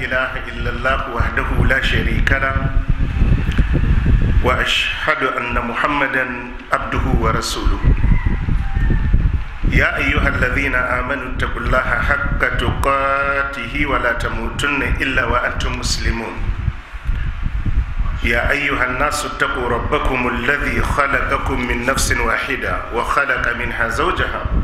ilaha illallah wahdahu la sharika la wa ashhadu anna muhammadan abduhu wa rasuluhu ya ayyuha alladhina amanu taqullaha haqqa tuqatih wa la tamutunna illa wa antum muslimun يا أيها الناس اتقوا ربكم nafsin wahida, wa نفس واحدة وخلق منها زوجها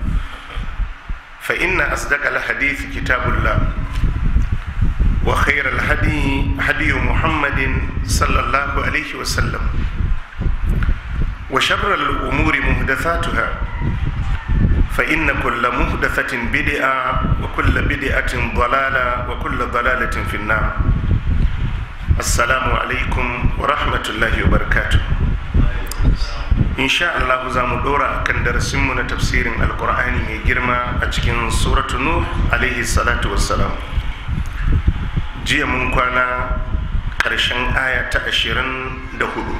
فإن أصدق الحديث كتاب الله وخير الهدي هدي محمد صلى الله عليه وسلم وشر الأمور محدثاتها فإن كل محدثة بدعة وكل بدعة ضلالة وكل ضلالة في النار السلام عليكم ورحمة الله وبركاته insha Allah za mu dora kan darasinmu na tafsirin alkur'ani mai girma a cikin suratu nuh alaihi salatu wassalam jiya mun kwana ƙarshen aya ta ashirin da hudu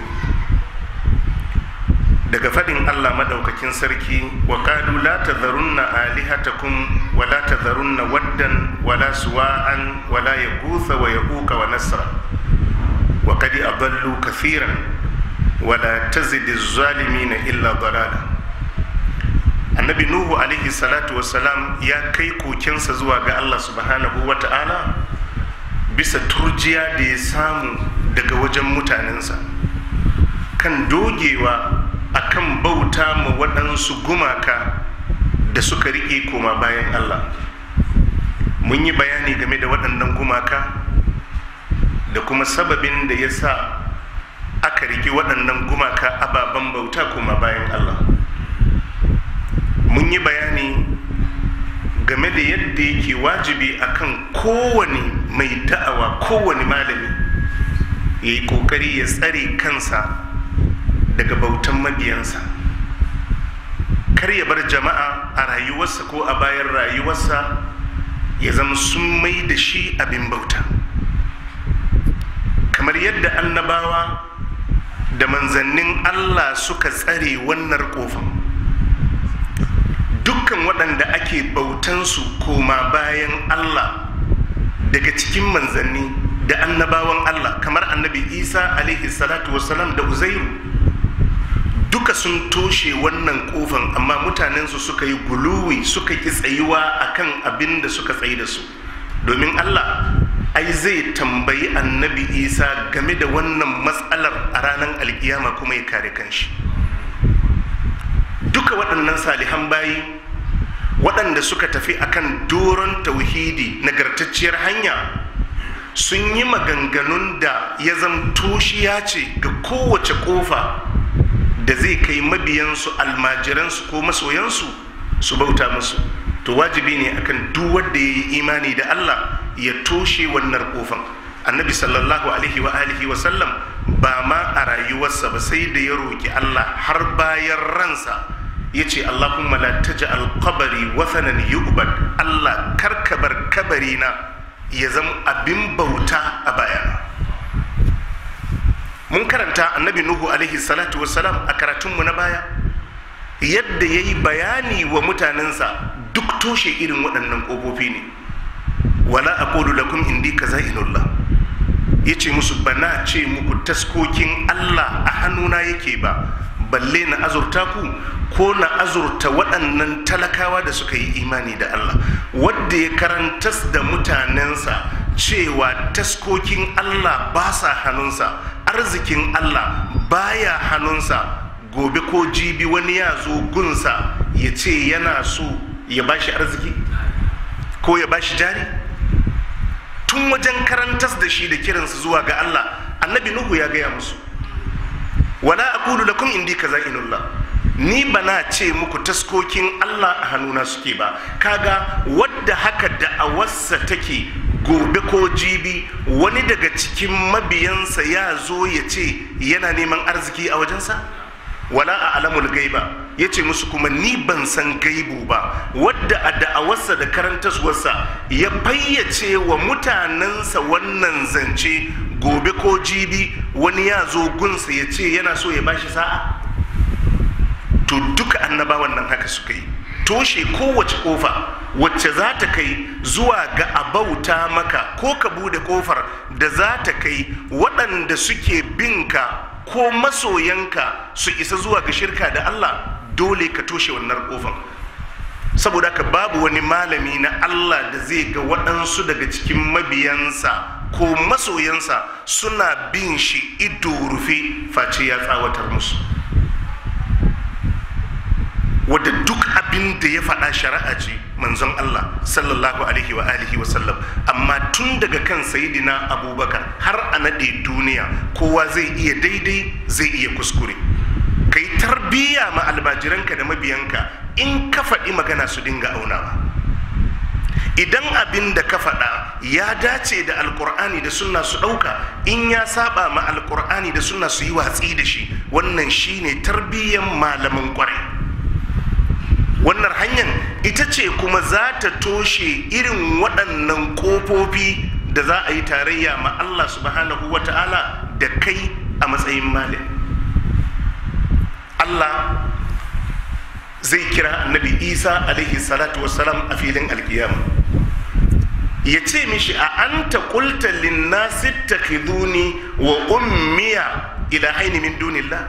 daga faɗin Allah maɗaukakin sarki wa ƙalu la tazarunna alihatakum wa la tazarunna waddan wa la suwa'an wa la yaghutha wa yaquqa wa nasra wa qad adallu wala tazidi zalimina illa dalala annabi nuhu alaihi salatu wasalam ya kai kokensa zuwa ga allah subhanahu wa ta'ala bisa turjiya da ya samu daga wajen mutanensa kan dogewa akan bauta ma waɗansu gumaka da suka riƙe koma bayan allah mun yi bayani game da waɗannan gumaka da kuma sababin da ya sa aka riki waɗannan gumaka ababen bauta kuma bayan allah mun yi bayani game da yadda yake wajibi akan kowane mai da'awa kowane malami ya yi ƙoƙari ya tsare kansa daga bautan mabiyansa kar ya bar jama'a a rayuwarsa ko a bayan rayuwarsa ya zama sun mai da shi abin bauta kamar yadda annabawa da manzannin Allah suka tsare wannan kofa dukkan waɗanda ake bautansu koma bayan Allah daga cikin manzanni da annabawan Allah kamar annabi Isa alaihi salatu wasalam da Uzairu duka sun toshe wannan kofan amma mutanensu suka yi guluwi suka ki tsayuwa akan abin da suka tsayi da su domin Allah ai zai tambayi annabi isa game da wannan matsalar a ranar alkiyama kuma ya kare kanshi duka waɗannan salihan bayi waɗanda suka tafi akan doron tauhidi nagartacciyar hanya sun yi maganganun da ya zam ya ce ga kowace ƙofa da zai kai mabiyansu almajiransu ko masoyansu su bauta musu to wajibi ne akan duk wanda ya yi imani da allah ya toshe wannan kofan annabi sallallahu alaihi wa alihi wa sallam ba ma a rayuwarsa ba sai da ya roki Allah har bayan ransa ya ce Allahumma la taj'al qabri wathanan yu'bad Allah karkabar kabarina ya zama abin bauta a baya. mun karanta annabi nuhu alaihi salatu wa salam a karatunmu na baya yadda ya yi bayani wa mutanensa duk toshe irin waɗannan ƙofofi ne wala aqulu lakum indi Ya ce musu bana ce muku taskokin Allah a hannuna yake ba balle na azurta ku ko na azurta waɗannan talakawa da suka yi imani da Allah wadda ya karantas da mutanensa cewa taskokin Allah ba sa hannunsa arzikin Allah baya hannunsa gobe ko jibi wani ya zo gunsa ya ce yana so ya bashi arziki ko ya bashi jari tun wajen karantas da shi da kiransu zuwa ga Allah annabi nuhu ya gaya musu wala aqulu lakum indi kaza inulla? ni bana ce muku taskokin Allah a hannuna suke ba kaga wadda haka da awassa take gobe ko jibi wani daga cikin mabiyansa ya zo ya ce yana neman arziki a wajensa wala a alamul gaiba ya ce musu kuma ni ban san gaibu ba wadda a da'awarsa da karantaswarsa ya fayyace wa mutanensa wannan zance gobe ko jibi wani ya zo gunsa ya ce yana so ya bashi sa'a to duka annabawan nan haka suka yi toshe kowace kofa wacce za ta kai zuwa ga abauta maka ko ka bude kofar da za ta kai waɗanda suke binka ko masoyanka su isa zuwa ga shirka da Allah dole ka toshe wannan kofan saboda ka babu wani malami na Allah da zai ga waɗansu daga cikin mabiyansa ko masoyansa suna bin shi ido rufe face ya tsawatar musu wadda duk abin da ya faɗa shari'a ce manzon Allah sallallahu alaihi wa alihi wa sallam amma tun daga kan sayidina abubakar har a naɗe duniya kowa zai iya daidai zai iya kuskure ka yi tarbiyya ma almajiranka da mabiyanka in ka faɗi magana su dinga aunawa idan abin da ka faɗa ya dace da alkur'ani da suna su ɗauka in ya saba ma alkur'ani da suna su yi watsi da shi wannan shi ne tarbiyyan malamin kwarai wannan hanyar ita ce kuma za ta toshe irin waɗannan ƙofofi da za a yi tarayya ma Allah subhanahu wa ta'ala da kai a matsayin malami allah zai kira annabi isa alaihi salatu wassalam a filin alkiyama ya ce mishi a an ta kulta linnasi ta kiduni wa ummiya ila haini min dunillah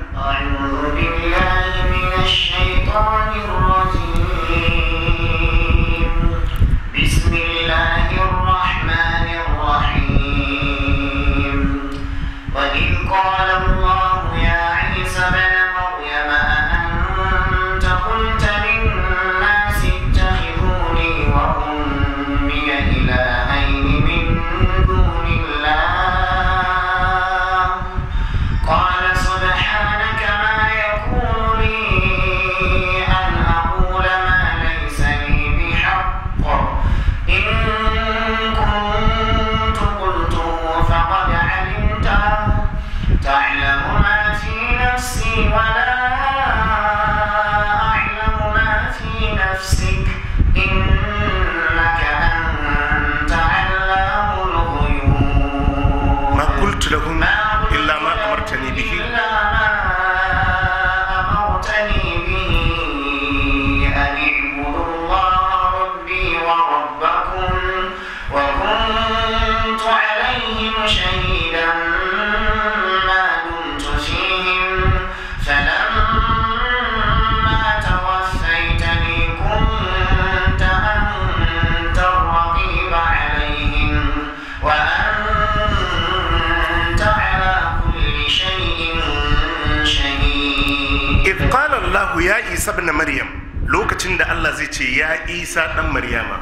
isa bin maryam lokacin da Allah zai ce ya isa dan maryama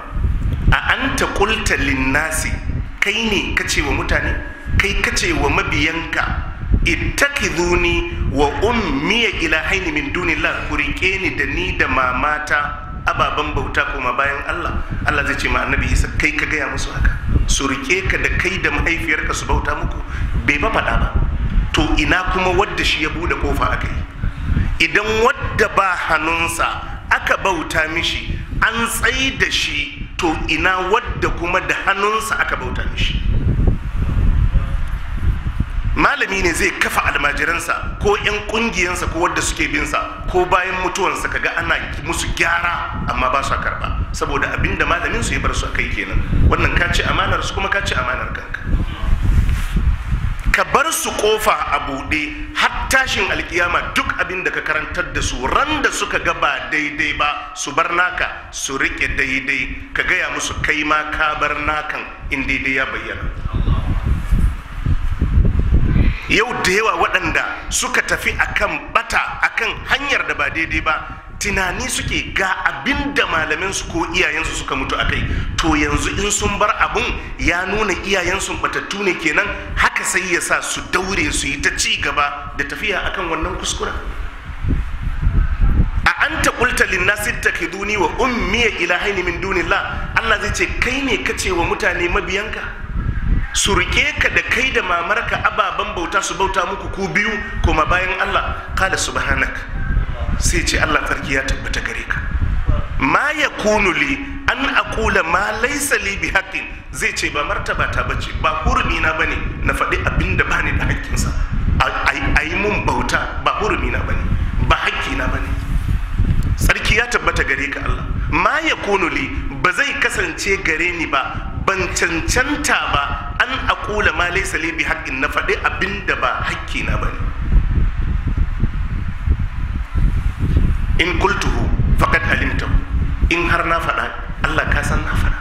a anta qulta linnasi kai ne ka ce wa mutane kai ka ce wa mabiyanka ittakhiduni wa ummi haini min duni ku kurike ni da ni da mamata ababen bauta kuma bayan Allah Allah zai ce ma annabi Isa kai ka gaya musu haka su rike ka da kai da mahaifiyarka su bauta muku bai ba faɗa ba to ina kuma wadda shi ya bude kofa kai idan wadda ba hannunsa aka bauta mishi an tsai da shi to ina wadda kuma da hannunsa aka bauta mishi malami ne zai kafa almajiransa ko 'yan kungiyansa ko wadda suke binsa ko bayan mutuwansa ga ana musu gyara amma ba su karba saboda abinda malamin su ya bar su a kai kenan wannan ka ce amanar su kuma ka ce amanar kanka ka bar su kofa a buɗe har tashin alkiyama duk abin da ka karantar da su ran da suka ga ba daidai ba su bar naka su riƙe daidai ka gaya musu kai ma ka bar nakan in daidai ya bayyana yau da yawa waɗanda suka tafi akan bata akan hanyar da ba daidai ba tunani suke ga abin da malaminsu ko iyayensu suka mutu a kai to yanzu in sun bar abun ya nuna iyayensu batattu ne kenan haka sai ya sa su daure su yi ta ci gaba da tafiya akan wannan kuskura a an ta kulta linnasi ta duni wa ummiya ilahaini min Dunila, Allah zai ce kai ne ka ce wa mutane mabiyanka su rike ka da kai da mamarka ababen bauta su bauta muku ku biyu kuma bayan Allah kala subhanak sai ce Allah Sarki ya tabbata gare ka ma ya kunu li an akula ma laisa li bi haƙƙin zai ce ba martaba ta bace ba hurumi na bane na faɗi abin da bani da haƙƙinsa a yi mun bauta ba hurumi na bane ba haƙƙi na bane sarki ya tabbata gare ka Allah ma ya kunu li ba zai kasance gare ni ba ban cancanta ba an akula ma laisa li bi haƙƙin na faɗi abin da ba haƙƙi na bane in kultuhu fakat alimtahu in har na faɗa Allah ka san na faɗa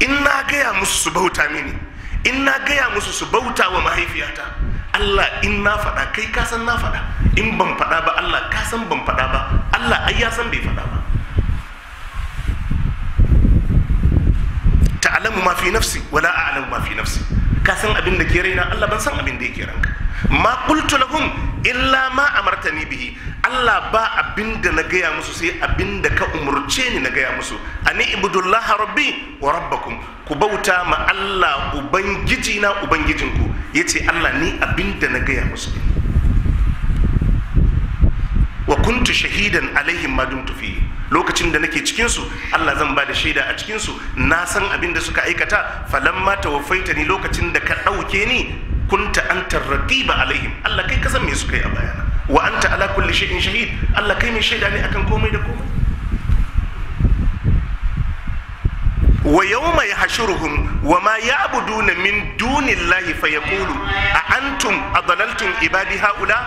in na gaya musu su bauta mini in na gaya musu su bauta wa mahaifiyata Allah in na faɗa kai ka san na faɗa in ban faɗa ba Allah ka san ban faɗa ba Allah ai ya san bai faɗa ba ta'lamu ma fi nafsi wala a'lamu ma fi nafsi ka san abin da ke raina Allah ban san abin da yake ranka ma qultu lahum illa ma amartani bihi Allah ba abinda na gaya musu sai abinda ka umarce ni na gaya musu ani ibudullah rabbi wa rabbakum ku bauta ma Allah ubangiji na ubangijinku yace Allah ni abinda na gaya musu wa kuntu shahidan alaihim ma dumtu fi lokacin da nake cikinsu allah zan ba da shaida a cikinsu na san abin da suka aikata falamma tawaffaita ni lokacin da ka ɗauke ni kunta antar raqiba alaihim Allah kai kasan me suka a bayana wa anta ala kulli shay'in shahid Allah kai mai shaida ne akan komai da komai wa yawma yahshuruhum wa ma ya'buduna min dunillahi fayaqulu a antum adlaltum ibadi haula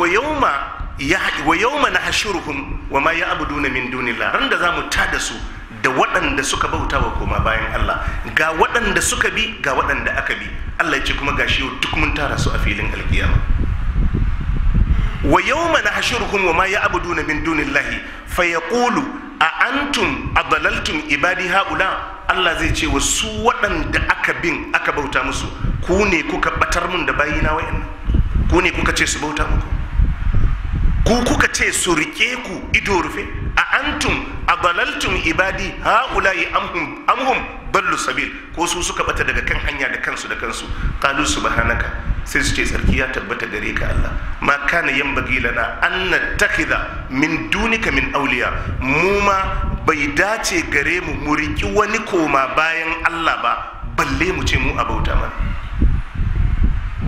wa na nahshuruhum wa ma ya'buduna min dunillah ran da ta da su da waɗanda suka bauta wa koma bayan Allah ga waɗanda suka bi ga waɗanda aka bi Allah ya ce kuma ga shi duk mun tara su a filin alkiyama wa yawma nahshuruhum wa ma ya'buduna min dunillahi fa yaqulu a antum adlaltum ibadi haula Allah zai ce wa su waɗanda aka bin aka bauta musu ku ne kuka batar mun da bayina wayannan ku ne kuka ce su bauta muku ce su rike ku ido rufe a antum a balaltum ibadi ha'ula'i amhum amhum ballu sabil ko su suka bata daga kan hanya da kansu da kansu su bahanaka sai su ce sarki ya tabbata gare ka Allah ma kana bagi lana an na takida min dunika min auliya mu ma bai dace gare mu mu riki wani koma bayan Allah ba balle mu ce mu abauta ma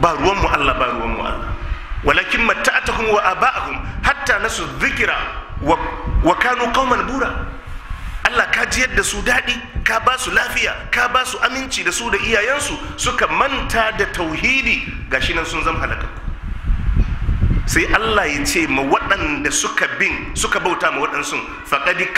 ba ruwan mu Allah ba ruwan mu Allah walakin متعتهم wa حتى hatta na وكانوا قوما wa bura Allah ka jiyar da su daɗi ka ba su lafiya ka ba su aminci da su da iyayensu suka manta da tauhidi Ga shi nan sun zama halaka sai Allah ya ce ma waɗanda suka bin suka bauta ma waɗansu faƙadi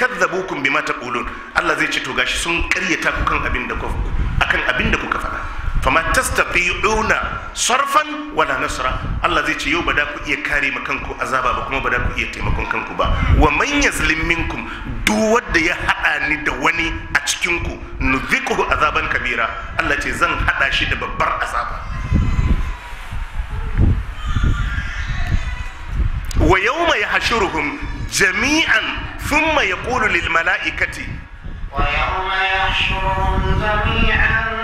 bi mata ƙulun Allah zai ce to gashi sun ƙaryata ku kan akan abin da kuka faɗa fama tastafi'una sarfan wala nasra Allah zai ce yau ba da ku iya kare ma kanku azaba ba kuma ba da ku iya taimakon kanku ba wa man yazlim minkum duk wanda ya hada ni da wani a cikin ku nuzikuhu azaban kabira Allah ce zan hada shi da babbar azaba wa yawma yahshuruhum jami'an thumma yaqulu lil mala'ikati wa yawma yahshuruhum jami'an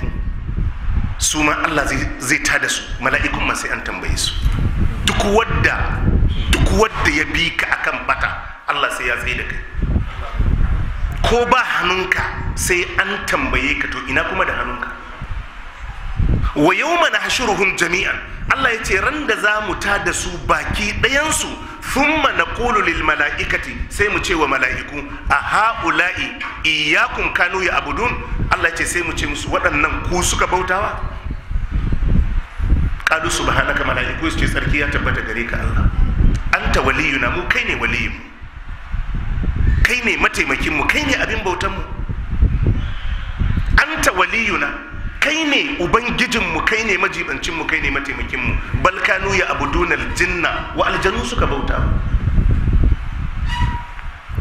su ma Allah zai tada su mala'ikun ma sai an tambaye su duk wadda duk wadda ya bi ka akan bata Allah sai ya tsaye da kai ko ba hannunka sai an tambaye ka to ina kuma da hannunka wa yawma nahshuruhum jami'an Allah ya ce ran da za mu ta da su baki ɗayansu thumma naqulu lil mala'ikati sai mu ce wa mala'iku a ha'ula'i iyyakum kanu ya Allah ce sai mu ce musu waɗannan ku suka bautawa qalu subhanaka malaiku su ce sarki ya tabbata gare ka Allah anta waliyuna mu kai ne waliyin kai ne mataimakin mu kai ne abin bautan mu anta waliyuna kai ne ubangijinmu kai ne majibancinmu kai ne mataimakinmu balkanu ya abudunar jinna wa aljanu suka bauta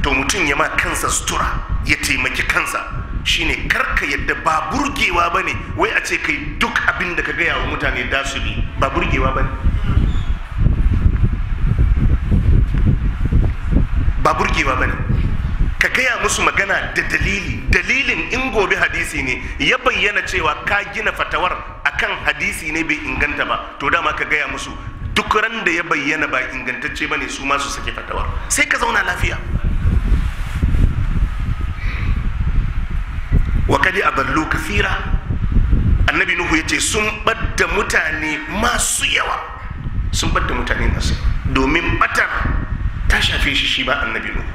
to mutum ya ma kansa sutura ya taimaki kansa shine karka yadda ba burgewa ba ne wai a ce kai duk abin da ka gaya wa mutane da su bi ba burgewa ba ne ba burgewa ba ne ka gaya musu magana da dalili dalilin in gobe hadisi ne ya bayyana cewa ka gina fatawar akan hadisi ne bai inganta ba to dama ka gaya musu duk ran da ya bayyana ba ingantacce ba ne su ma su sake fatawar sai ka zauna lafiya wa kadi aballu kafira annabi nuhu ya ce sun ɓadda mutane masu yawa sun ɓadda mutane masu domin batar ta shafe shi shi ba annabi nuhu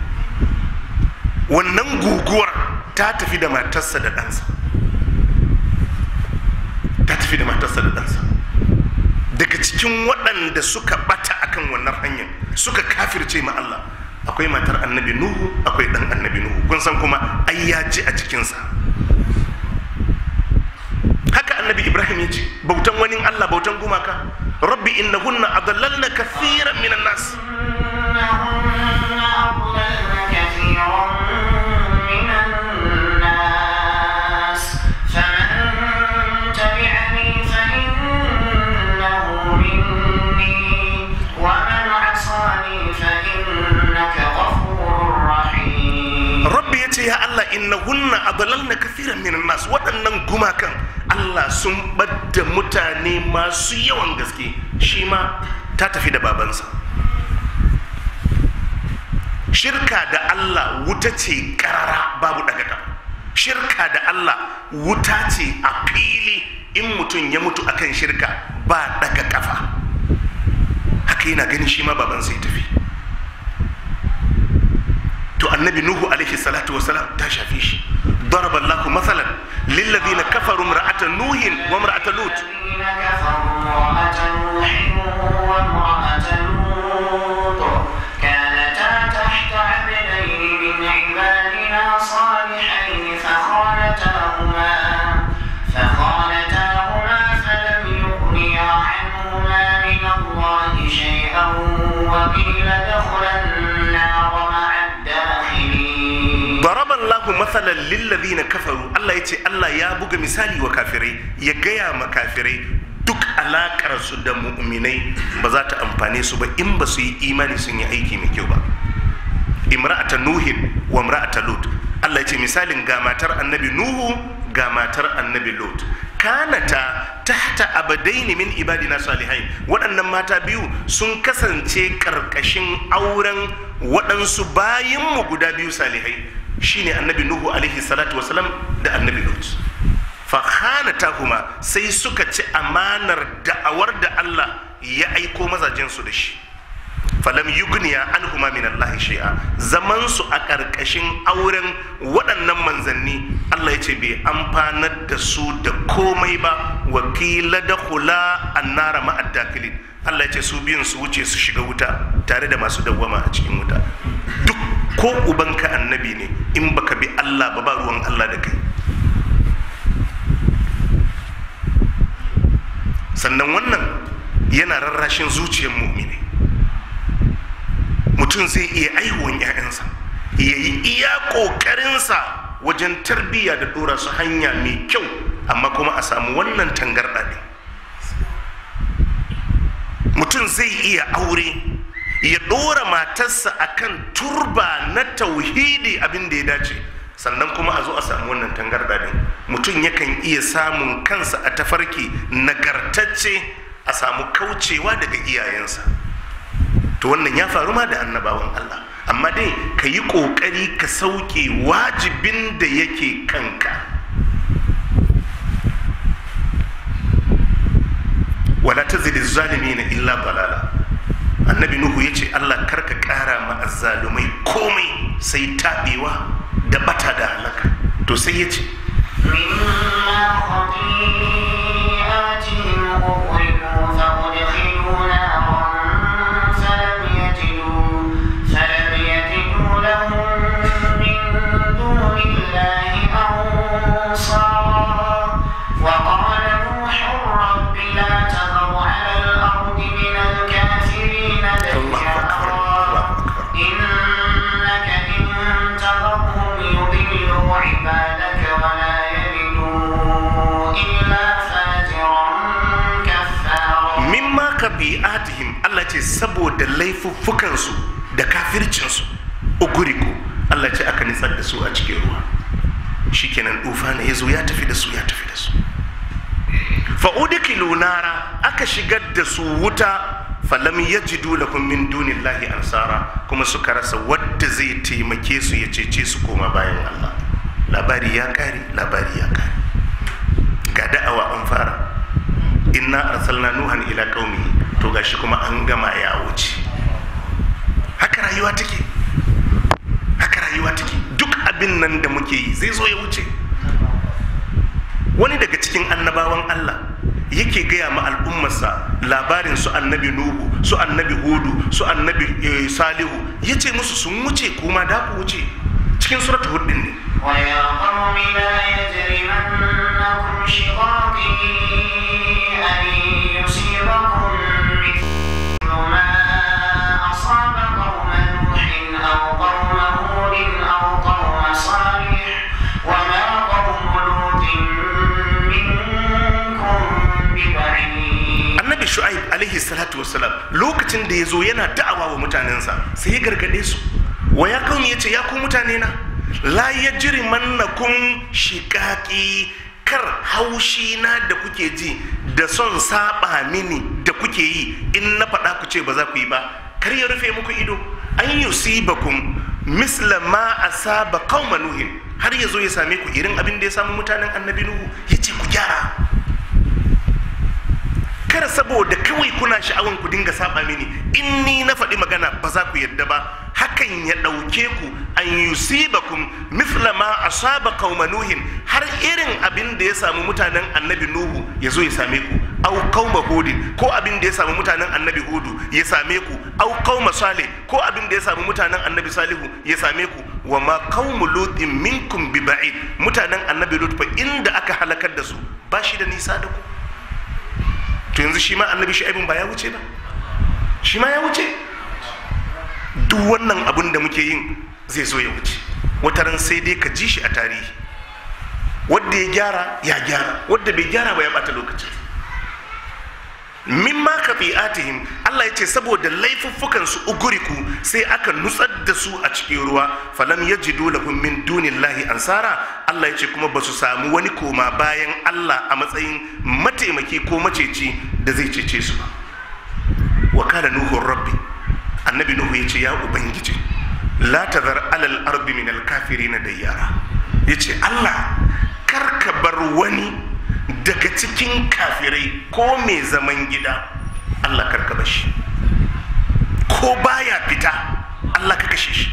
wannan guguwar ta tafi da matarsa da ɗansa ta tafi da matarsa da ɗansa daga cikin waɗanda suka ɓata akan wannan hanyar suka kafirce ma Allah akwai matar annabi nuhu akwai ɗan annabi nuhu kun san kuma ai ya ji a cikinsa. annabi ibrahim ya ce bautan wani allah bautan gumaka rabbi innahunna adallalna kathiran minan nas rabbi ya ce ya allah innahunna adlalna kathiran minan nas waɗannan gumakan allah sun ɓadda mutane masu yawan gaske shi ma ta tafi da babansa shirka da allah wuta ce ƙarara babu ɗagata shirka da allah wuta ce a fili in mutum ya mutu akan shirka ba ɗaga ƙafa haka yana ganin shi ma babansa ya tafi to annabi nuhu alaihi salatu wasalam ta shafi shi ضرب الله مثلا للذين كفروا امرأة نوح وامرأة لوط كانتا تحت عبدين من عبادنا صالحين فلم يغنيا عنهما من الله شيئا وقيل ادخلا matsalar lillabi na kafaru Allah yace Allah ya buga misali wa kafirai ya gaya ma kafirai duk su da mu'minai ba za ta amfane su ba in ba su yi imani sun yi aiki mai kyau ba imra'ata nuhin wa imra'ata lut Allah yace misalin ga matar annabi nuhu ga matar annabi lut kanata tahta abadaini min ibadina salihain waɗannan mata biyu sun kasance ƙarƙashin auren waɗansu mu guda biyu salihai shine annabi nuhu alaihi salatu wasalam da annabi lut fa kuma sai suka ci amanar da'awar da Allah ya aiko mazajensu da shi falam yugniya kuma min Allah shi'a zaman su a ƙarƙashin auren waɗannan manzanni Allah ya ce bai amfanar da su da komai ba wakila da kula annara ma'addakilin Allah ya ce su biyun su wuce su shiga wuta tare da masu dawwama a cikin wuta ko ubanka annabi ne in baka bi allah ba ba ruwan allah da kai sannan wannan yana rarrashin zuciyar mu'mini mutum zai iya aihuwan 'ya'yansa ya yi iya ƙoƙarinsa wajen tarbiyya da ɗora su hanya mai kyau amma kuma a samu wannan tangarɗa ne mutum zai iya aure ya ɗora matarsa akan turba na tauhidi abin da ya dace sannan kuma a zo a samu wannan tangarda ne mutum yakan iya samun kansa a tafarki nagartacce a samu kaucewa daga iyayensa to wannan ya faru ma da annabawan Allah amma dai ka yi ƙoƙari ka sauke wajibin da yake kanka wala tazidi na illa balala annabi nuhu ya ce allah karka ƙara ma azzalumai komai sai taɓewa da bata da halaka to sai ya ce saboda laifuffukansu da kafircinsu uguriku Allah ce aka nitsar da su a cikin ruwa shikenan dufa na yazo ya tafi da su ya tafi da su fa udkilu nara aka shigar da su wuta falam yajidu lahum min dunillahi ansara kuma suka rasa wanda zai taimake su ya cece su koma bayan Allah labari ya kare labari ya kare ga da'awa an fara inna arsalna nuhan ila qaumihi to gashi kuma an gama ya wuce haka rayuwa take haka rayuwa take duk abin nan da muke yi zai zo ya wuce wani daga cikin annabawan Allah yake gaya ma al'ummarsa labarin su annabi nuhu su annabi hudu su annabi eh, salihu ya ce musu sun wuce kuma da ku wuce cikin suratul hud din ne alaihi salatu wassalam lokacin da ya zo yana da'awa wa mutanensa sai ya gargade su wa ya kawo ya ce ya ku mutane na la ya jiri mannakun shiƙaƙi kar haushi na da kuke ji da son saba mini da kuke yi in na faɗa ku ce ba za ku yi ba kar ya rufe muku ido an yusibakum misla ma a saba nuhin har ya zo ya same ku irin abin da ya samu mutanen annabi nuhu ya ce ku gyara kar saboda kawai kuna sha'awan ku dinga saba mini in ni na faɗi magana ba za ku yadda ba hakan ya ɗauke ku an yusibakum mithla ma asaba qauma nuhin har irin abin da ya samu mutanen annabi nuhu ya zo ya same ku au qauma hudin ko abin da ya samu mutanen annabi hudu ya same ku au qauma salih ko abin da ya samu mutanen annabi salihu ya same ku wa ma qaumu lutin minkum bi ba'id mutanen annabi lut fa inda aka halakar da su ba shi da nisa da ku to yanzu shi ma annabi shu'aibin ba ya wuce ba shi ma ya wuce duk wannan abin da muke yin zai zo ya wuce wata ran sai dai ka ji shi a tarihi wadda ya gyara ya gyara wadda bai gyara ba ya bata lokacin mimma atihim Allah yace saboda laifuffukan su uguriku sai aka nutsar da su a cikin ruwa falam yajidu lahum min dunillahi ansara Allah yace kuma ba su samu wani koma bayan Allah a matsayin mataimaki ko maceci da zai cece su ba wa kana nuhu rabbi annabi nuhu ce ya ubangiji la tazar alal ardi min al kafirin dayyara yace Allah kar ka bar wani daga cikin kafirai ko mai zaman gida Allah karka bashi ko baya fita Allah ka kashe shi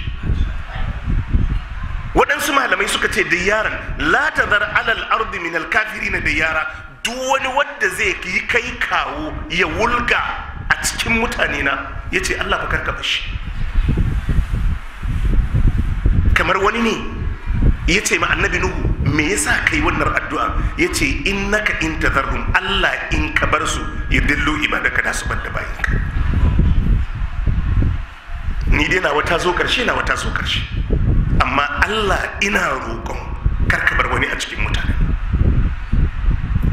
waɗansu malamai suka ce da yaran latazar alal ardi min alkafiri na da yara duk wani wanda zai yi kai kawo ya wulga a cikin mutane na ce Allah fa karkaba shi kamar wani ne ce ma annabi nuhu me yasa kai wannan addu'a yace innaka in tadharrum Allah in ka bar su yudillu ibadaka da su banda bayinka ni dai na wata zo karshe na wata zo karshe amma Allah ina roƙon kar ka bar wani a cikin mutane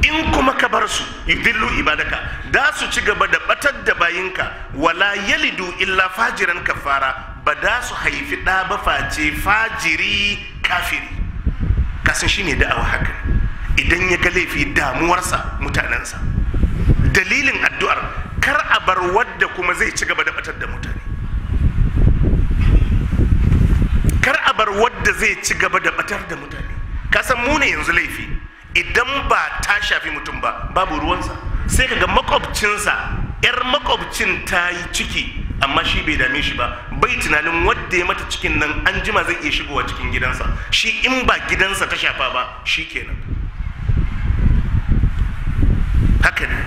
in kuma ka bar su yudillu ibadaka da su ci gaba da batar da bayinka wala yalidu illa fajiran kafara ba da su haifi ɗa ba face fajiri kafiri kasan shine da'awa haka idan ya ga laifi damuwarsa mutanensa dalilin addu'ar kar a bar wadda kuma zai ci gaba da batar da mutane kar a bar wadda zai ci gaba da batar da mutane kasan mu ne yanzu laifi idan ba ta shafi mutum ba babu ruwansa sai ka ga makwabcinsa 'yar makwabcin ta yi ciki amma shi bai dame shi ba bai tunanin wadda ya mata cikin nan an jima zai iya shigowa cikin gidansa shi in ba gidansa ta shafa ba shi kenan haka ne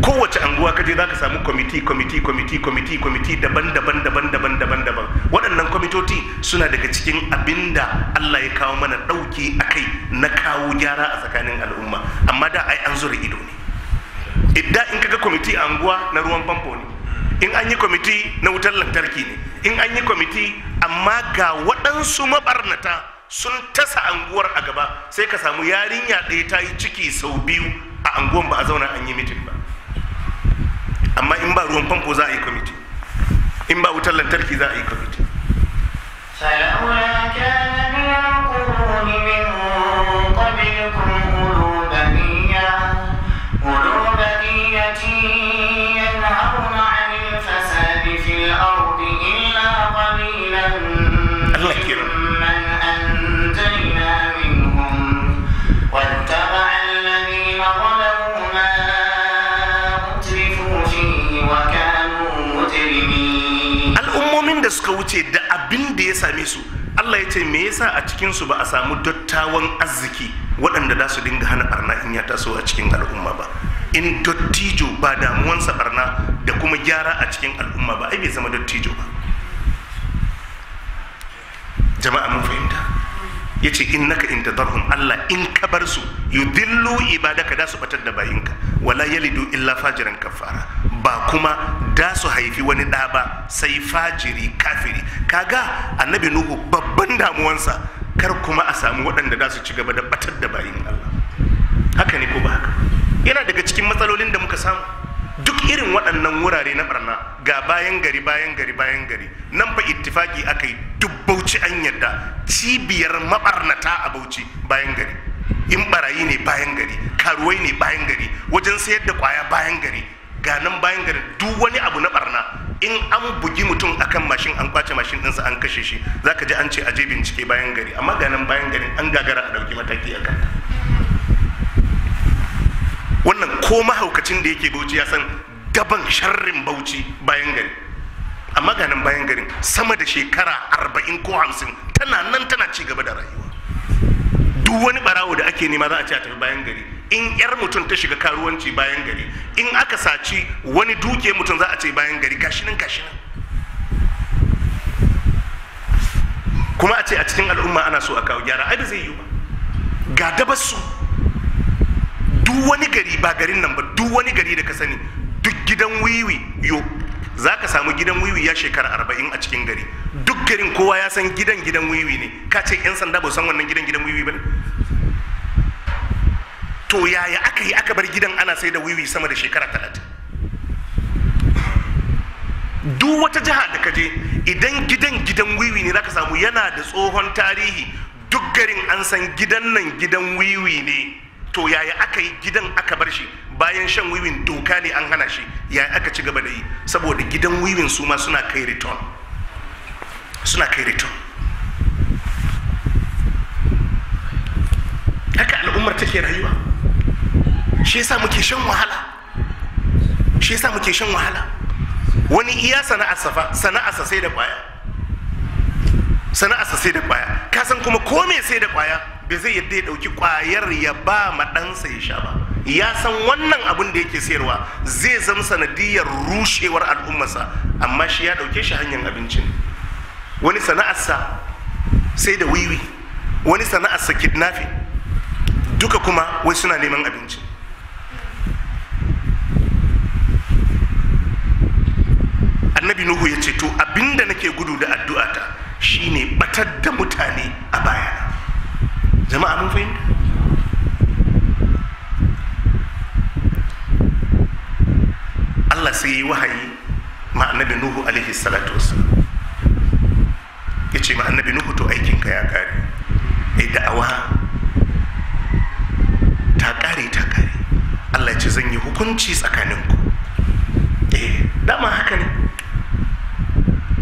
kowace anguwa kaje za ka samu kwamiti kwamiti kwamiti kwamiti kwamiti daban daban daban daban daban daban waɗannan kwamitoti suna daga cikin abin da allah ya kawo mana ɗauki a kai na kawo gyara a tsakanin al'umma amma da ai an zura ido ne idan in kaga kwamiti a anguwa na ruwan famfo ne in an yi kwamiti na wutar lantarki ne in an yi kwamiti amma ga waɗansu mabarnata sun tasa anguwar a gaba sai ka samu yarinya ɗaya ta yi ciki sau biyu a anguwan ba a zauna an yi mitin ba amma in ba ruwan famfo za a yi kwamiti in ba wutar lantarki za a yi kwamiti سلولا كان من القرون من قبلكم suka wuce da abin da ya same su Allah ya ce me yasa a cikin su ba a samu dattawan arziki waɗanda za su dinga hana barna in ya taso a cikin al'umma ba in dottijo ba damuwansa barna da kuma gyara a cikin al'umma ba ai bai zama dottijo ba jama'a mun fahimta ya ce in naka in tadarhum Allah in ka bar su yudillu ibadaka da su batar da bayinka wala yalidu illa fajiran kafara ba kuma da su haifi wani ɗa ba sai fajiri kafiri kaga annabi nuhu babban damuwansa kar kuma a samu waɗanda da su ci gaba da batar da bayin Allah haka ne ko ba haka yana daga cikin matsalolin da muka samu duk irin waɗannan wurare na barna ga bayan gari bayan gari bayan gari nan fa ittifaki aka yi duk bauchi an yarda cibiyar mabarnata a bauchi bayan gari in barayi ne bayan gari karuwai ne bayan gari wajen sayar da kwaya bayan gari ga nan bayan garin duk wani abu na barna in an bugi mutum akan mashin an kwace mashin ɗinsa an kashe shi za ka ji an ce aje bincike bayan gari amma ga nan bayan garin an gagara a ɗauki mataki a kanta. wannan ko mahaukacin da yake bauchi ya san gaban sharrin bauchi bayan gari amma ga nan bayan garin sama da shekara arba'in ko hamsin tana nan tana ci gaba da rayuwa duk wani barawo da ake nema za a ce a tafi bayan gari in yar mutum ta shiga karuwanci bayan gari in aka saci wani duke mutum za a ce bayan gari kashinin kashinin kuma a ce a cikin al'umma ana so a kawo gyara ai ba zai yi ba ga dabar su duk wani gari ba garin nan ba duk wani gari da ka sani duk gidan wiwi yo za ka samu gidan wiwi ya shekara arba'in a cikin gari duk garin kowa ya san gidan gidan wiwi ne ka ce 'yan sanda ba san wannan gidan gidan wiwi ba ne to yaya aka yi aka bar gidan ana sai da wiwi sama da shekara talatin duk wata jiha da je idan gidan gidan wiwi ne zaka samu yana da tsohon tarihi duk garin an san gidan nan gidan wiwi ne to yaya aka yi gidan aka bar shi bayan shan wiwin doka ne an hana shi yaya aka ci gaba da yi saboda gidan wiwin su ma suna kai return suna kai return haka al'ummar take rayuwa shi yasa muke shan wahala shi yasa muke shan wahala wani iya safa sana'a sa sai da kwaya sa sai da kwaya ka san kuma ko me sai da kwaya ba zai yadda ya dauki kwayar ya ba ma ɗansa ya sha ba ya san wannan abin da yake sayarwa zai zama sanadiyar rushewar al'ummarsa amma shi ya dauke shi hanyar abincin wani sa sai da wiwi wani sa kidnapping duka kuma wai suna neman abinci ya ce to abinda nake gudu da addu'ata shine batar da mutane a baya. jama'a mun fahimta Allah sai yi wahayi ma annabi Nuhu alaihi salatu Wasu. ya ce ma annabi Nuhu to aikinka ya kare ai da'awa ta kare ta kare Allah ya ce zan yi hukunci tsakaninku eh dama haka ne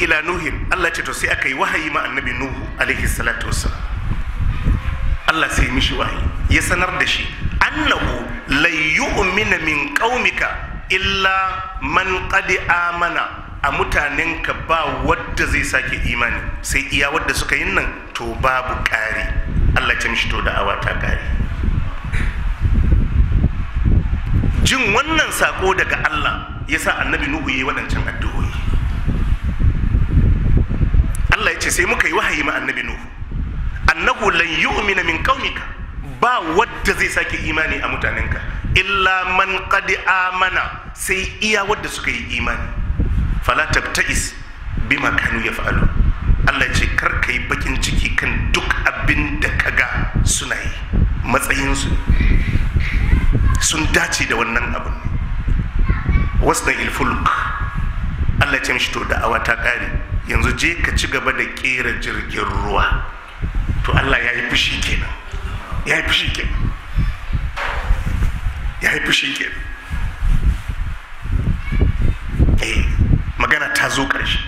ila nuhin Allah ce to sai aka yi wahayi ma annabi nuhu alaihi salatu wasalam Allah sai mishi wahayi ya sanar da shi annahu la yu'mina min qaumika illa man qad amana a ka ba wadda zai sake imani sai iya wadda suka yin nan to babu ƙari Allah ce mishi to da awa ta ƙari jin wannan sako daga Allah yasa annabi nuhu yayi waɗancan addu'a Allah ya ce sai muka yi wahayi ma annabi nuhu annahu lan yu'mina min qaumika ba wadda zai sake imani a mutanenka illa man qad amana sai iya wadda suka yi imani fala tabtais bima kanu yaf'alu Allah ya ce kar kai bakin ciki kan duk abin da kaga suna yi matsayin su sun dace da wannan abin wasdan ilfulk Allah ya ce mishi to da'awa ta kare yanzu je ka ci gaba da kera jirgin ruwa to Allah ya yi fushi kenan ya yi fushi kenan ya yi fushi kenan eh magana ta zo ƙarshe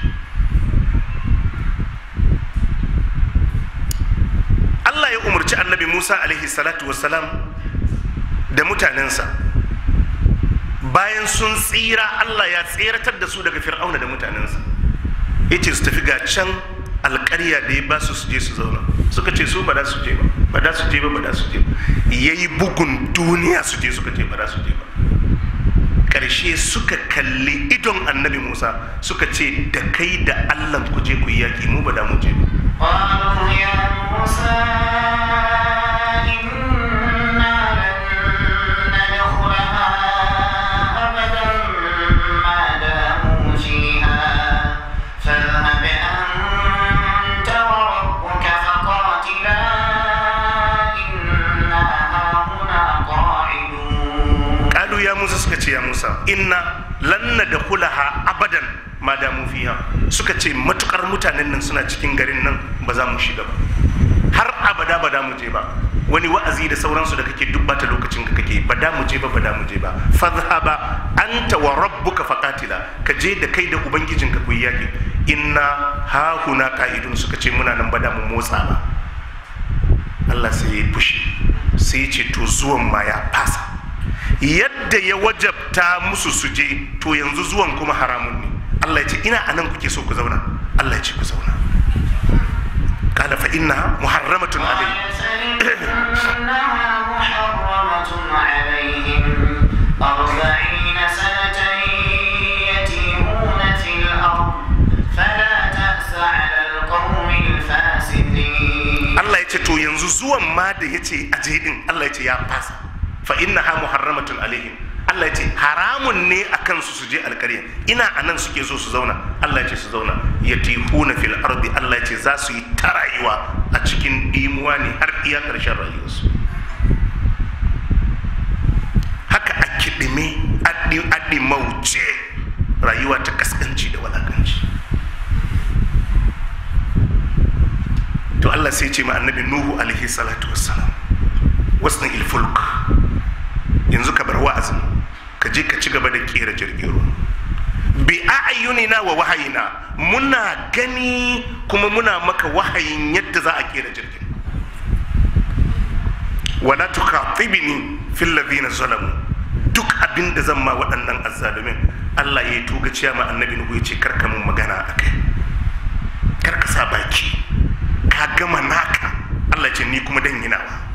Allah ya umarci annabi Musa alaihi salatu wassalam da mutanensa bayan sun tsira Allah ya tseratar da su daga fir'auna da mutanensa yace su tafi ga can alƙarya da ya ba su suje su zauna suka ce su ba da su je ba ba da su je ba ba da su je ba yayi bugun duniya su je suka ce ba da su je ba ƙarshe suka kalli idon annabi Musa suka ce da kai da Allah ku je ku yi yaƙi mu ba da mu je ba inna lanna da kulaha abadan ma mu fiya suka ce matukar mutanen nan suna cikin garin nan ba za mu shiga ba har abada ba da mu je ba wani wa'azi da sauransu da kake duk bata lokacin ka kake ba da mu je ba ba da mu je ba fadhhaba anta wa rabbuka faqatila ka je da kai da ubangijinka ku yaki inna ha kuna qa'idun suka ce muna nan ba da mu motsa ba Allah sai ya fushi sai ya ce to zuwan ma ya fasa yadda ya wajabta musu suje to yanzu zuwan kuma haramun ne Allah ya ce ina anan kuke so ku zauna Allah ya ce ku zauna kala fa inna muharramatun Allah ya ce to yanzu zuwan ma da ya ce a jeɗin Allah ya ce ya fasa fa inna ha muharramatun alaihim Allah ya ce haramun ne a kansu su je alkarya ina anan suke so su zauna Allah ya ce su zauna ya tihuna fil ardi Allah ya ce za su yi ta rayuwa a cikin dimuwa ne har iya ƙarshen rayuwarsu haka a kiɗime addi mauce rayuwa ta kaskanci da walakanci to Allah sai ce ma annabi Nuhu alaihi salatu wassalam wasna ilfulk yanzu ka bar wa'azin ka je ka ci gaba da kera jirgin ruwa bi a'ayunina wa wahayina muna gani kuma muna maka wahayin yadda za a kera jirgin wala tukatibni fil ladina zalamu duk abin da zan ma waɗannan azzalumin Allah ya yi tugaciya ma annabi nuhu ya ce karka mun magana a kai karka sa baki ka gama naka Allah ce ni kuma dan yi nawa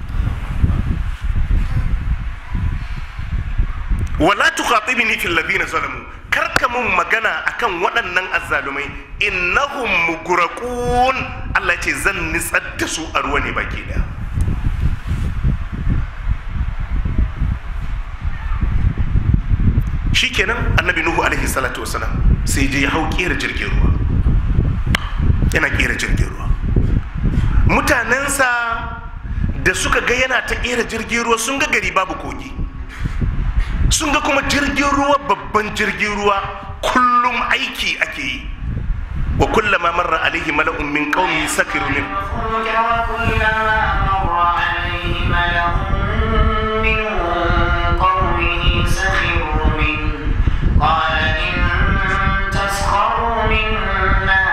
wala tukhatibni fil ladina zalamu karka mun magana akan waɗannan azzalumai innahum mugraqun Allah ce zan nitsar da su a ruwa ne baki shi kenan annabi nuhu alaihi salatu wasalam sai je ya hau kera jirgin ruwa yana kera jirgin ruwa mutanensa da suka ga yana ta kera jirgin ruwa sun ga gari babu kogi sun ga kuma jirgin ruwa babban jirgin ruwa kullum aiki ake yi wa kulle marra alaihi mala'un min qaumi sakiru min قال إن تسخروا منا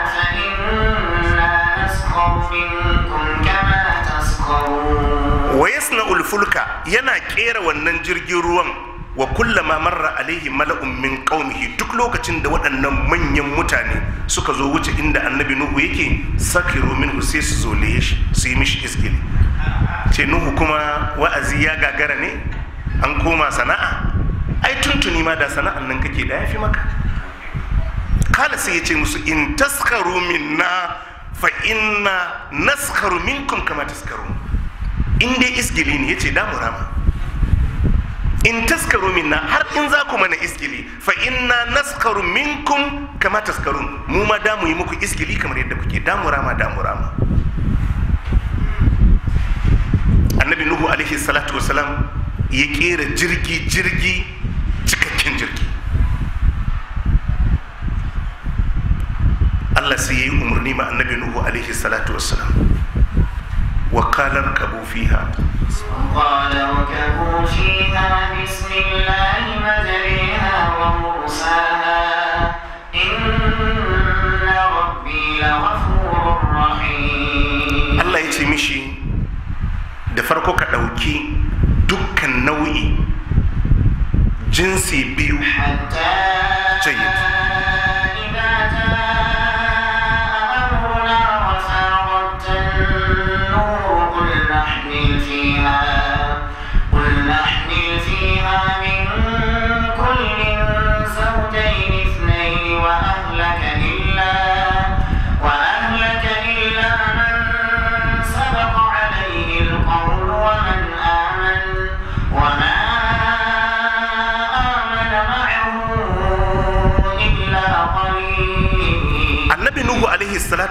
فإنا wa kullama marra alaihi mala'un min qaumihi duk lokacin da waɗannan manyan mutane suka zo wuce inda annabi nuhu yake sakiru min sai su zole shi su yi mishi iskili ce nuhu kuma wa'azi ya gagara ne an koma sana'a ai tuntuni ma da sana'an nan kake da yafi maka kala sai ya musu in taskaru minna fa inna naskaru minkum kama taskaru in dai isgili ne yace ce damu rama in taskaru minna har in za ku mana iskili fa inna naskaru minkum kama taskarun mu ma damu yi muku iskili kamar yadda kuke damu rama damu rama annabi nuhu alaihi salatu wasalam ya kera jirgi jirgi cikakken jirgi Allah sai ya yi umarni ma annabi nuhu alaihi salatu wasalam وقال اركبوا فيها قال اركبوا فيها بسم الله مجريها ومرساها إن ربي لغفور رحيم الله يتمشي da farko ka ɗauki dukkan nau'i jinsi biyu jayyid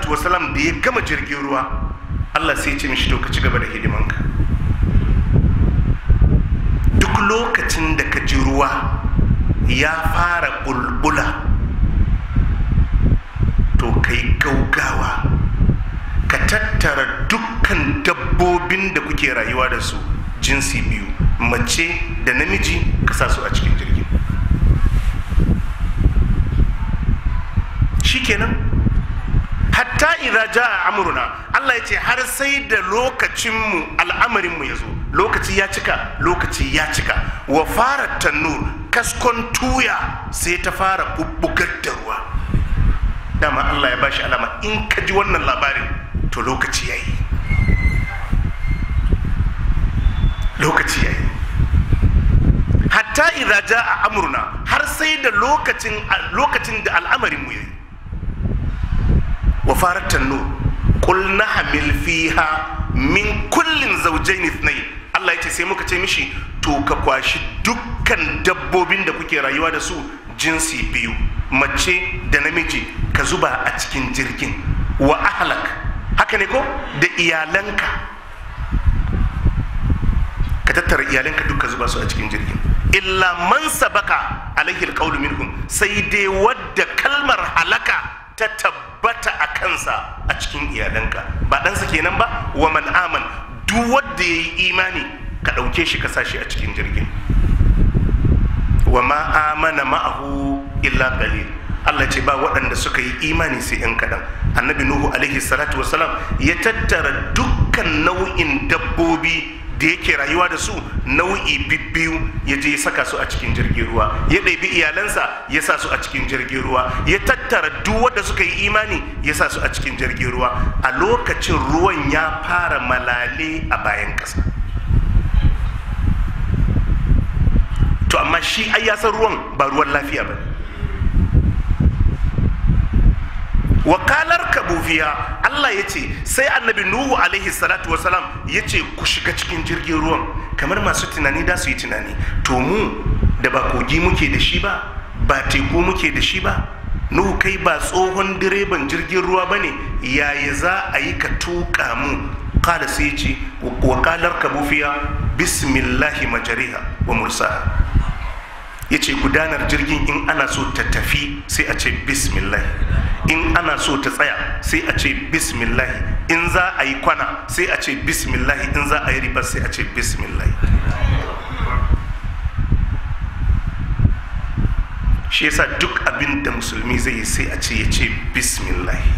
salatu Salam da ya gama jirgin ruwa allah sai ce mishi to ka ci gaba da hidimanka duk lokacin da ka ji ruwa ya fara bulbula to ka gaugawa ka tattara dukkan dabbobin da kuke rayuwa da su jinsi biyu mace da namiji ka sa su a cikin jirgin shi kenan. hatta idza jaa amruna Allah yace har sai da lokacin mu al'amarin mu yazo lokaci ya cika lokaci ya cika wa fara tanur kaskon tuya sai ta fara bubbugar da ruwa dama Allah ya bashi alama in ka ji wannan labarin to lokaci yayi lokaci yayi hatta idza jaa amruna har sai da lokacin lokacin da al'amarin mu yayi farar kul na hamil fiha min kullin zawjayn ithnayn Allah yace sai muka ce mishi to ka kwashi dukkan dabbobin da kuke rayuwa da su jinsi biyu mace da namiji ka zuba a cikin jirgin wa ahlak haka ne ko da iyalanka ka tattara iyalanka duk ka zuba su a cikin jirgin illa man sabaka alaihi alqawlu minhum sai dai wadda kalmar halaka ta tabbata bata a kansa a cikin iyalanka ba ɗansa kenan ba wa man duk wanda ya yi imani ka ɗauke shi ka sashi a cikin jirgin wa ma'amana ma'ahu illa qalil Allah ce ba waɗanda suka yi imani sai 'yan kaɗan annabi nuhu alaihi salatu wasalam ya tattara dukkan nau'in dabbobi da yake rayuwa da su nau'i bibbiyu ya je ya saka su a cikin jirgin ruwa ya ɗabi iyalansa ya sa su a cikin jirgin ruwa ya tattara duk wanda suka yi imani ya sa su a cikin jirgin ruwa a lokacin ruwan ya fara malale a bayan ƙasa to amma shi ai ya san ruwan ba ruwan lafiya ba wakalar kabufiya Allah ya ce sai annabi nuhu alaihi salatu wasalam ya ce ku shiga cikin jirgin ruwan kamar masu tunani da su yi tunani to mu da ba kogi muke da shi ba ba teku muke da shi ba nuhu kai ba tsohon direban jirgin ruwa ba ne yaya za a yi ka tuka mu kada sai ce wakalar kabufiya bismillahi majariha wa mursaha ya ce gudanar jirgin in ana so ta tafi sai a ce bismillahi in ana so ta tsaya sai a ce bismillahi in za a yi kwana sai a ce bismillahi in za a yi ribar sai a ce bismillahi shi yasa duk abin da musulmi zai yi sai a ce ya ce bismillahi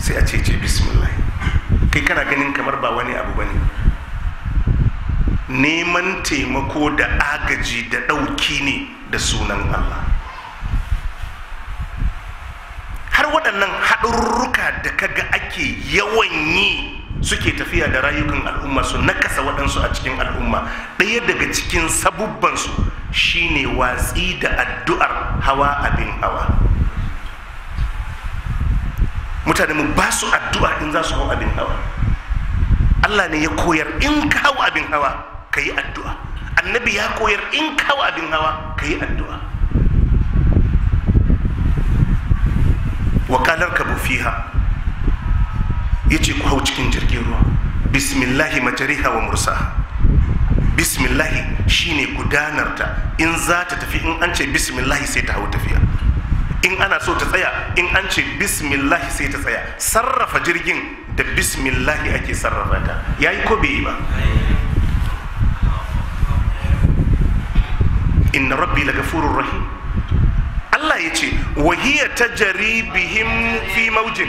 sai a ce ce bismillahi kai kana ganin kamar ba wani abu bane neman taimako da agaji da ɗauki ne da sunan allah har waɗannan haɗurruka da kaga ake yawan yi suke tafiya da rayukan al'umma su nakasa waɗansu a cikin al'umma ɗaya daga cikin sabubbansu shine watsi da addu'ar hawa abin hawa mutane mu ba su addu'a in za su hau abin hawa Allah ne ya koyar in ka hau abin hawa ka yi addu'a annabi ya koyar in ka hau abin hawa ka yi addu'a wa kalar ka bufiha ya ce ku hau cikin jirgin ruwa bismillahi majariha wa mursa bismillahi shine gudanarta in za ta tafi in an ce bismillahi sai ta hau tafiya in ana so ta tsaya in an ce bismillahi sai ta tsaya sarrafa jirgin da bismillahi ake sarrafa ta ya yi ko yi ba inna rabbi la gafurur rahim Allah ya ce wahiya ta jaribihim fi maujin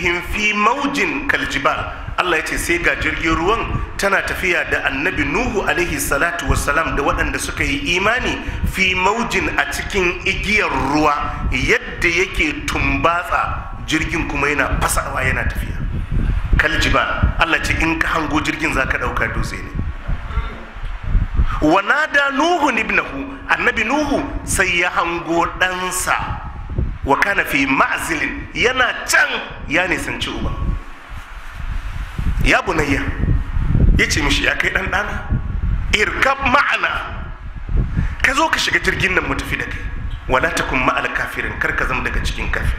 rihim fi maujin kaljibal Allah ya ce sai ga jirgin ruwan tana tafiya da annabi Nuhu alaihi salatu wassalam da waɗanda suka yi imani fi maujin a cikin igiyar ruwa yadda yake tumbatsa jirgin kuma yana fasawa yana tafiya kaljibal Allah ce in ka hango jirgin zaka ɗauka dutse ne wa nada nuhu ibnahu annabi nuhu sai ya hango ɗansa wa kana fi ma'zilin yana can ya nisanci uba. ya bunayya ya ce mishi ya kai ɗanɗana, ɗana ma'ana ka zo ka shiga jirgin nan mu tafi da kai wala kun ma'al kafirin kar ka zama daga cikin kafir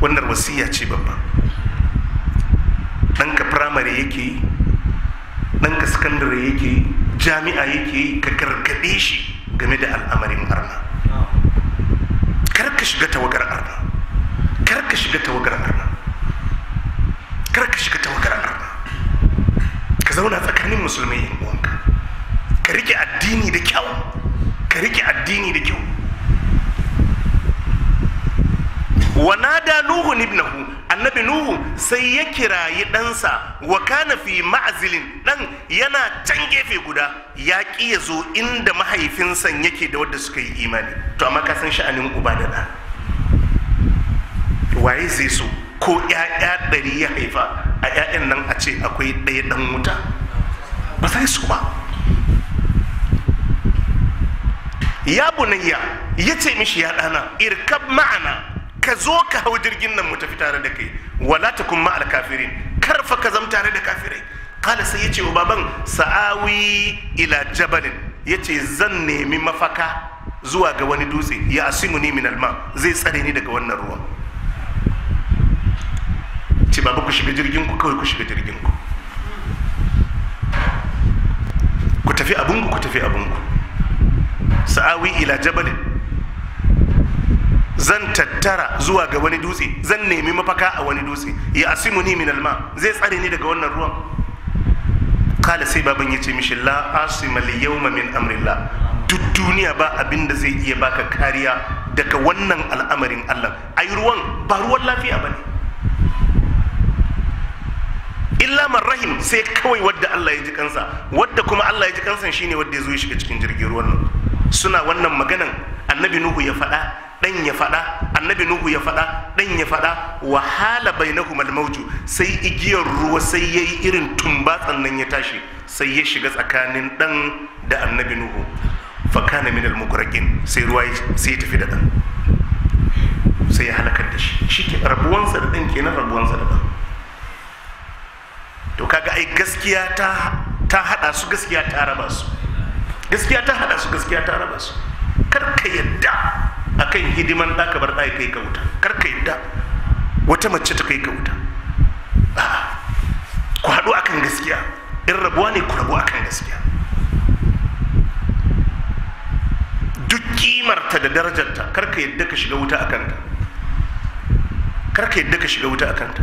wannan wasiya ce babba ɗanka firamare yake yi ɗanka sakandare yake yi jami'a yake yi ka gargaɗe shi game da al'amarin arna kar ka shiga tawagar arna kar ka shiga tawagar arna kar ka shiga tawagar arna ka zauna tsakanin musulmai yan uwanka ka rike addini da kyau ka rike addini da kyau wa nada nuhu ibnahu annabi nuhu sai ya kirayi ɗansa wa kana fi ma'azilin ɗan yana can gefe guda ya ƙi ya zo inda mahaifinsa yake da wadda suka yi imani to amma ka san sha'anin uba da ɗa waye zai so ko ƴaƴa ɗari ya haifa a ƴaƴan nan a ce akwai ɗaya ɗan wuta ba sai so ba ya bunayya ya ce mishi ya ɗana irkab ma'ana ka zo ka hau jirgin nan mu tafi tare da kai wala ta kuma alkafirin karfa ka zama tare da kafirai kala sai ce wa baban sa'awi ila jabalin ce zan nemi mafaka zuwa ga wani dutse ya ni min alma zai tsare ni daga wannan ruwan ce baba ku shiga jirgin ku kawai ku shiga jirgin ku ku tafi abunku ku tafi abunku sa'awi ila jabalin zan tattara zuwa ga wani dutse zan nemi mafaka a wani dutse ya asimu ni min alma zai tsare ni daga wannan ruwan kala sai baban ya ce mishi la asima li yawma min amrillah duk duniya ba abin da zai iya baka kariya daga wannan al'amarin Allah ai ruwan ba ruwan lafiya bane illa man rahim sai kawai wadda Allah ya ji kansa wadda kuma Allah ya ji kansa shine wadda ya zo ya shiga cikin jirgin ruwan suna wannan maganan annabi nuhu ya faɗa dan ya fada annabi nuhu ya fada dan ya fada wahala bainahumal mawju sai igiyar ruwa sai yayi irin tumba sannan ya tashi sai ya shiga tsakanin dan da annabi nuhu fa kana min al sai ruwa sai ya tafi da dan sai ya halakar da shi rabuwan rabuwansa da dan kenan rabuwansa da dan to kaga ai gaskiya ta ta hada su gaskiya ta raba su gaskiya ta hada su gaskiya ta raba su kar ka yadda akan hidiman da ka bar da kai ka wuta kar ka yadda wata mace ta kai ka wuta ku haɗu akan gaskiya in rabuwa ne ku rabu akan gaskiya duk kimarta da darajarta kar ka yadda ka shiga wuta akan ta kar ka yadda ka shiga wuta akan ta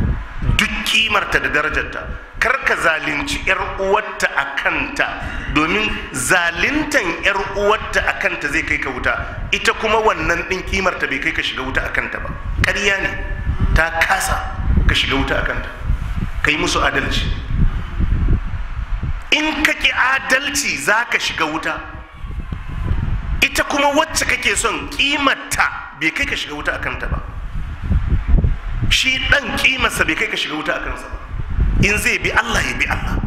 duk kimarta da darajarta kar ka zalunci yar uwarta a kanta domin zaluntan yar uwarta a kanta zai kai ka wuta ita kuma wannan ɗin kimar ta bai kai ka shiga wuta a kanta ba ƙarya ne ta kasa ka shiga wuta a kanta ka yi musu adalci in ka ƙi adalci za ka shiga wuta ita kuma wacce kake son ƙimarta bai kai ka shiga wuta a kanta ba shi ɗan ƙimarsa bai kai ka shiga wuta a kansa ba in zai bi allah ya bi allah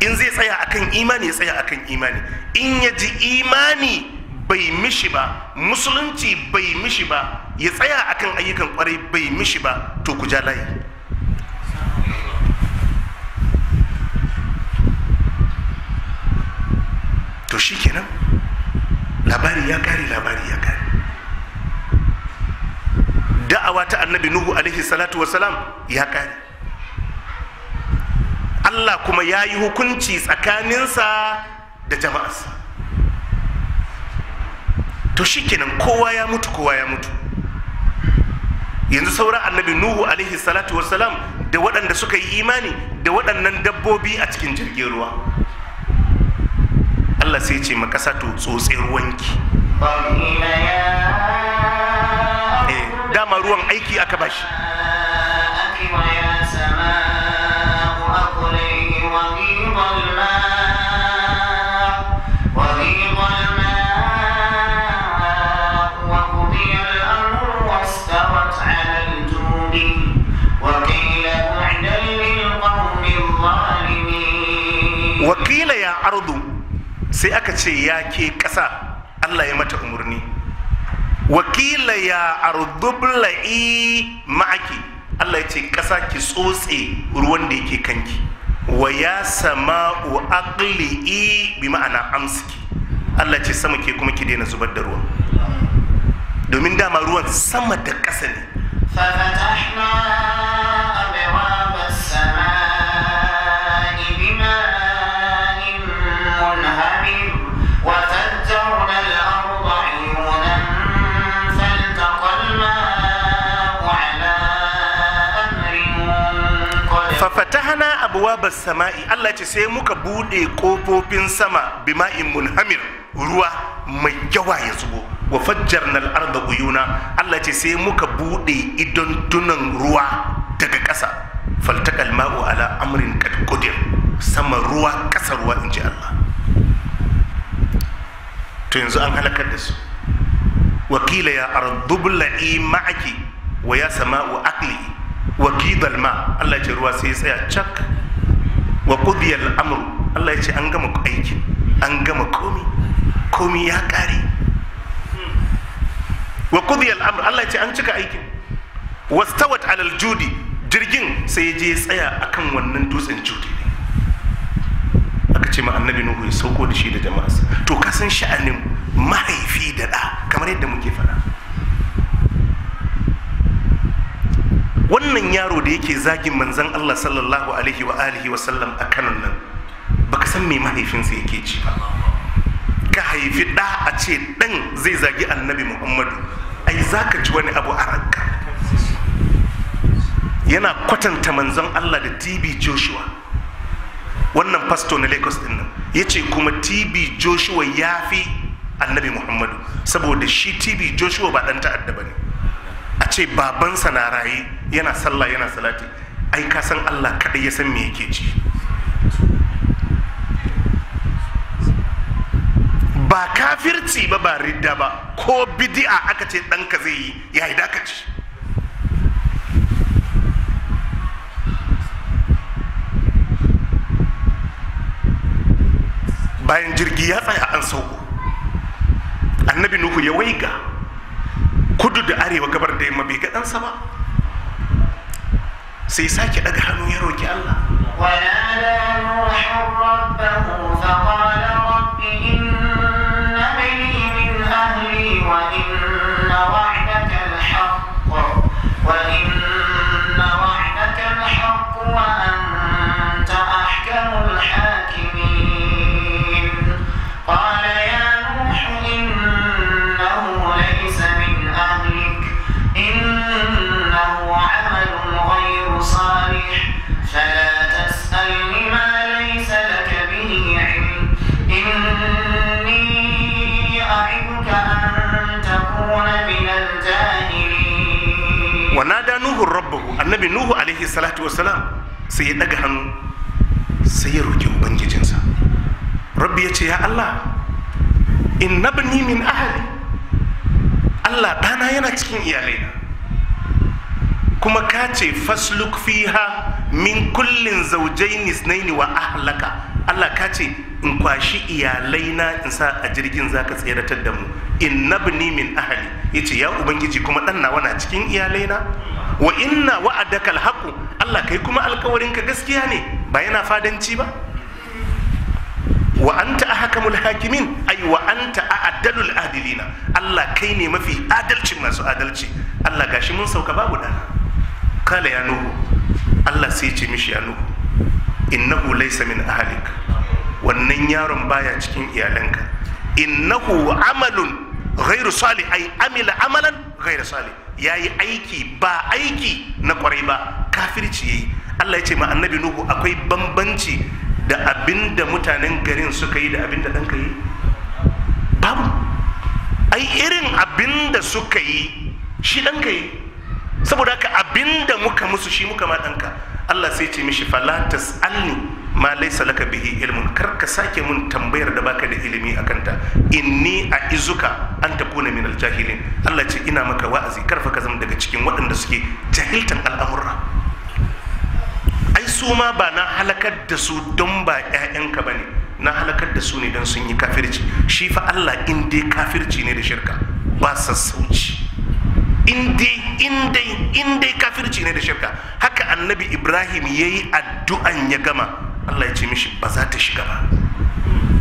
in zai tsaya akan imani ya tsaya akan imani in ya ji imani bai mishi ba musulunci bai mishi ba ya tsaya akan ayyukan kwarai bai mishi ba to ku ja layi to shi kenan labari ya kare labari ya kare da'awa ta annabi nuhu alaihi salatu wasalam ya kare allah kuma ya yi hukunci tsakaninsa da jama'arsa to shikenan kowa ya mutu kowa ya mutu yanzu saura annabi nuhu alaihi salatu Salam da waɗanda suka yi imani da waɗannan dabbobi a cikin jirgin ruwa allah sai ce ma ƙasa to tsotse ruwanki eh, dama ruwan aiki aka bashi ويا ardu sai aka ce ya ke ƙasa Allah ya mata umarni wakila ya ardubla'i ma'aki Allah ya ce ƙasa ki tsotse ruwan da yake kanki wa ya sama aqli'i bi ma'ana amsiki Allah ce sama ke kuma ki daina zubar da ruwa, domin dama ruwan sama da ƙasa ne fatahana abwaba sama'i Allah ce sai muka bude kofofin sama bima'in munhamir ruwa mai yawa ya zubo wa fajjarna al-arda uyuna Allah ce sai muka bude idon tunan ruwa daga ƙasa faltakal ma'u ala amrin qad sama ruwa ƙasa ruwa in ji Allah to yanzu an halakar da su wakila ya ardubla'i ma'aki wa ya sama'u akli. wa qidal ma Allah ya ce ruwa sai ya tsaya cak wa qudiya al-amru Allah ya ce an gama aiki an gama komi komi ya kare wa qudiya al-amru Allah ya ce an cika aikin wastawat alal judi jirgin sai ya je tsaya akan wannan dutsen judi aka ce ma annabi nuhu ya sauko da shi da jama'a to ka san sha'anin mahaifi da da kamar yadda muke faɗa wannan yaro da yake zagin manzan Allah sallallahu alaihi wa alihi wa sallam a kanon nan ka san me mahaifinsa yake ci ba ka haifi ɗa a ce ɗan zai zagi annabi muhammadu ai za ka ci wani abu a ranka yana kwatanta manzan Allah da TB Joshua wannan pastor na Lagos din nan ce kuma TB Joshua ya fi annabi Muhammadu saboda shi TB Joshua ba ɗan ta'adda ne, a ce babansa na raye yana sallah yana salati ai ka san Allah kadai ya san me yake ci ba kafirci ba ba ridda ba ko bidi'a aka ce ɗanka zai yi ya yi dakaci bayan jirgi ya tsaya an sauko annabi nuhu ya waiga kudu da arewa gabar da yamma bai ga ɗansa ba sai sake daga hannu ya roki Allah ونادى نوح ربه فقال annabi nuhu alaihi salatu wasalam sai ya daga hannu sai ya roki ubangijinsa rabbi ya ce ya allah in min ahali allah ɗana yana cikin iyalaina kuma ka ce fasluk fiha min kullin zaujaini snaini wa ahlaka allah ka ce in kwashi iyalaina in sa a jirgin zaka tseratar da mu in nabni min ahali yace ya ubangiji kuma ɗan nawa na cikin iyalaina wa inna wa'adaka alhaqu Allah kai kuma alkawarin ka gaskiya ne ba yana fadanci ba wa anta ahkamul hakimin ay wa anta a'dalul adilina Allah kai ne mafi adalci masu adalci Allah gashi mun sauka babu dana kala ya nuhu Allah sai ce mishi ya nuhu innahu laysa min ahlik wannan yaron baya cikin iyalanka innahu amalun ghairu salih ay amila amalan ghairu salih ya yi aiki ba aiki na kwarai ba kafirci ya yi allah ya ce ma annabi nuhu akwai bambanci da abin da mutanen garin suka yi da abin da ɗanka yi babu ai irin abin da suka yi shi ɗanka yi saboda haka abin da muka musu shi muka ma ɗanka allah sai ce mishi falatas alni ma laisa laka bihi ilmun kar ka sake mun tambayar da baka da ilimi a kanta inni a izuka an takuna min aljahilin Allah ce ina maka wa'azi karfa ka zama daga cikin waɗanda suke jahiltan al'amurra ai su ma ba na halakar da su don ba ƴaƴanka ba ne na halakar da su ne don sun yi kafirci shi fa Allah in dai kafirci ne da shirka ba sassauci in dai kafirci ne da shirka haka annabi ibrahim ya yi addu'an ya gama Allah ya ce mishi ba za ta shiga ba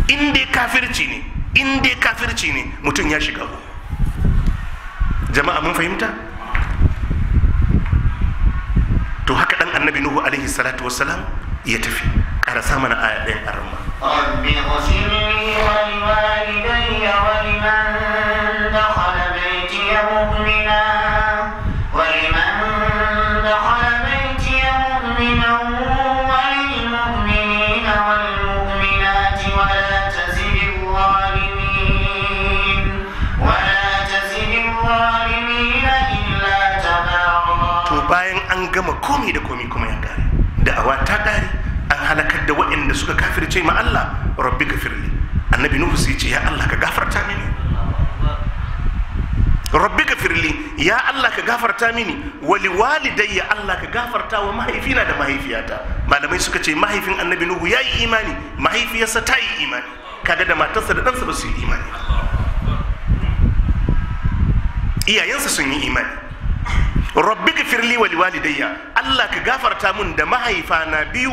in dai kafirci ne in dai kafirci ne mutum ya shiga ku jama'a mun fahimta to haka dan annabi nuhu alaihi salatu wassalam ya tafi karasa mana aya ɗayan arma gama komi da komi kuma ya kare da'awa ta kare an halakar da waɗanda suka kafirce ma Allah rabbi gafirli annabi nuhu sai ce ya Allah ka gafarta mini rabbi gafirli ya Allah ka gafarta mini wali walidayya Allah ka gafarta wa mahaifina da mahaifiyata malamai suka ce mahaifin annabi nuhu ya yi imani mahaifiyarsa ta yi imani kaga da matarsa da ɗansa ba su yi imani iyayensa sun yi imani rabbika firli wali walidayya Allah ka gafarta mun da mahaifa na biyu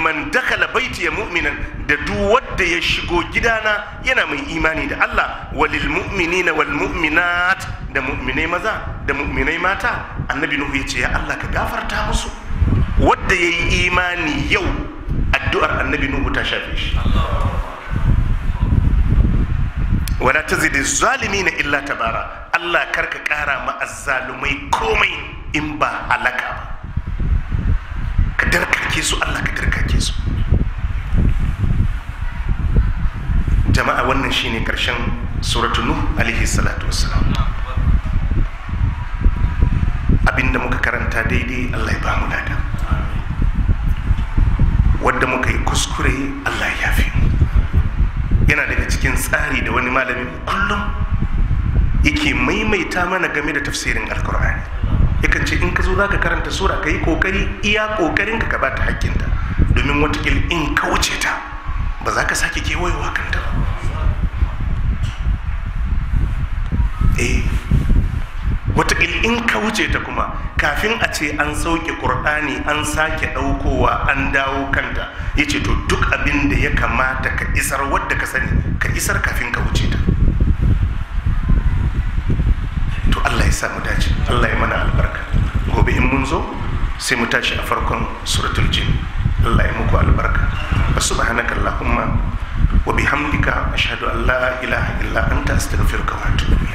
man dakala baiti ya mu'minan da duk wanda ya shigo gidana yana mai imani da Allah walil mu'minina wal mu'minat da mu'minai maza da mu'minai mata annabi nuhu ya ce ya Allah ka gafarta musu wanda yayi imani yau addu'ar annabi nuhu ta shafe shi wala tazidi zalimina illa tabara Allah karka kara ma azzalumai komai in ba halaka ba ka darkake su Allah ka darkake su jama'a wannan shine karshen suratu nu alaihi salatu wassalam abinda muka karanta daidai Allah ya ba mu lada wadda muka yi kuskure Allah ya yafe mu yana daga cikin tsari da wani malami kullum yake maimaita mana game da tafsirin alkur'ani yakan ce in ka zo za ka karanta sura ka yi kokari iya kokarin ka ba ta hakkinta domin watakil in ka wuce ta ba za ka sake kewayewa kanta ba eh. wataƙil in ka wuce ta kuma kafin a ce an sauke ƙur'ani an sake ɗaukowa an dawo kanta ya ce to duk abin da ya kamata ka isar wadda ka sani ka isar kafin ka wuce ta to allah ya samu dace allah ya mana albarka gobe in mun zo sai mu tashi a farkon suratul jin allah ya muku albarka subhanaka allahumma wa bihamdika ashhadu an la ilaha illa anta astaghfiruka wa atubu